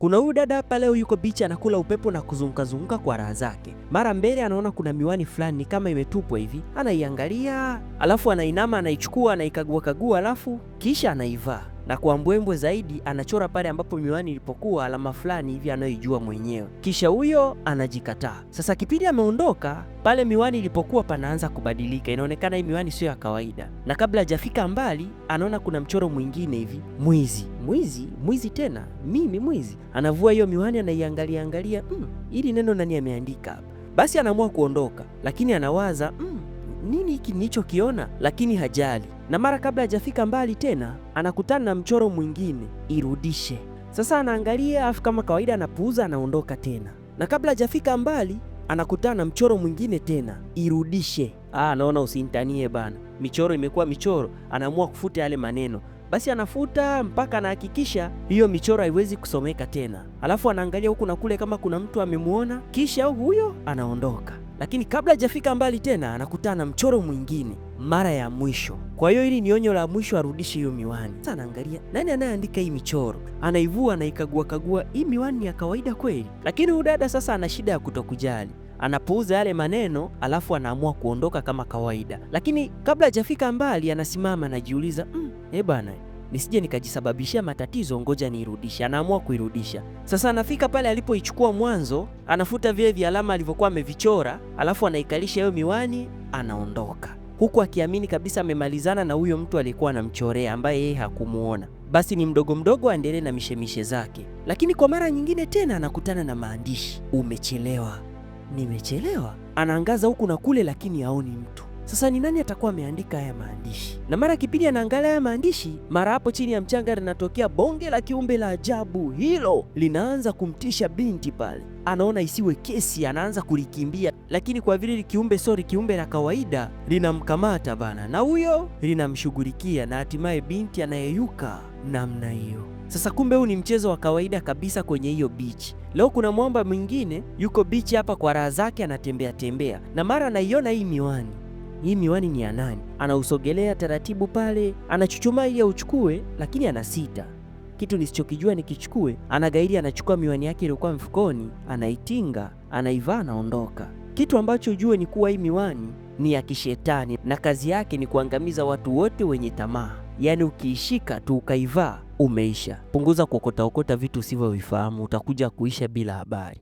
Kuna huyu dada hapa leo yuko bichi anakula upepo na kuzungukazunguka kwa raha zake. Mara mbele anaona kuna miwani fulani kama imetupwa hivi, anaiangalia, alafu anainama, anaichukua, anaikagua kagua, alafu kisha anaivaa na kwa mbwembwe zaidi anachora pale ambapo miwani ilipokuwa alama fulani hivi anayoijua mwenyewe, kisha huyo anajikataa. Sasa kipindi ameondoka pale miwani ilipokuwa panaanza kubadilika, inaonekana hii miwani sio ya kawaida, na kabla hajafika mbali anaona kuna mchoro mwingine hivi, mwizi mwizi mwizi, tena mimi mwizi. Anavua hiyo miwani, anaiangalia angalia, mm, ili neno nani ameandika hapa? Basi anaamua kuondoka, lakini anawaza mm, nini hiki nilichokiona, lakini hajali, na mara kabla hajafika mbali tena anakutana na mchoro mwingine, irudishe. Sasa anaangalia afu kama kawaida anapuuza, anaondoka tena, na kabla hajafika mbali anakutana na mchoro mwingine tena, irudishe. Ah, naona usintanie bana, michoro imekuwa michoro. Anaamua kufuta yale maneno basi anafuta mpaka anahakikisha hiyo michoro haiwezi kusomeka tena. Alafu anaangalia huku na kule kama kuna mtu amemwona, kisha huyo anaondoka. Lakini kabla hajafika mbali tena anakutana na mchoro mwingine mara ya mwisho. Kwa hiyo hili ni onyo la mwisho, arudishe hiyo miwani. Sasa anaangalia nani anayeandika hii michoro, anaivua, anaikagua kagua, hii miwani ni ya kawaida kweli? Lakini huyu dada sasa ana shida ya kutokujali anapuuza yale maneno alafu anaamua kuondoka kama kawaida, lakini kabla hajafika mbali anasimama anajiuliza, mm, e eh bana nisije nikajisababishia matatizo, ngoja niirudishe. Anaamua kuirudisha. Sasa anafika pale alipoichukua mwanzo, anafuta vile vialama alivyokuwa amevichora, alafu anaikalisha hiyo miwani, anaondoka huku akiamini kabisa amemalizana na huyo mtu aliyekuwa anamchorea ambaye yeye hakumuona. Basi ni mdogo mdogo aendelee na mishemishe zake, lakini kwa mara nyingine tena anakutana na maandishi, umechelewa, nimechelewa. Anaangaza huku na kule, lakini haoni mtu. Sasa ni nani atakuwa ameandika haya maandishi? Na mara kipindi anaangalia haya maandishi, mara hapo chini ya mchanga linatokea bonge la kiumbe la ajabu. Hilo linaanza kumtisha binti pale, anaona isiwe kesi, anaanza kulikimbia, lakini kwa vile kiumbe sori kiumbe la kawaida linamkamata bana, na huyo linamshughulikia, na hatimaye binti anayeyuka namna hiyo. Sasa kumbe huu ni mchezo wa kawaida kabisa kwenye hiyo bichi. Leo kuna mwamba mwingine yuko bichi hapa kwa raha zake, anatembea tembea, na mara anaiona hii miwani hii miwani ni ya nani? Anausogelea taratibu pale, anachuchumaa ili auchukue, lakini anasita. Kitu nisichokijua nikichukue, anagairi, anachukua miwani yake iliyokuwa mfukoni, anaitinga, anaivaa, anaondoka. Kitu ambacho jue ni kuwa hii miwani ni ya kishetani na kazi yake ni kuangamiza watu wote wenye tamaa. Yaani ukiishika tu ukaivaa umeisha. Punguza kuokotaokota vitu usivyovifahamu, utakuja kuisha bila habari.